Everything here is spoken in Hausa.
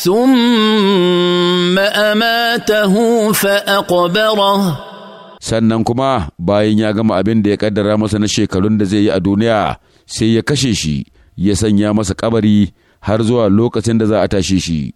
ثم أماته فأقبره sannan kuma bayan ya gama abin da ya kaddara masa na shekarun da zai yi a duniya sai ya kashe shi ya sanya masa kabari har zuwa lokacin da za a tashe shi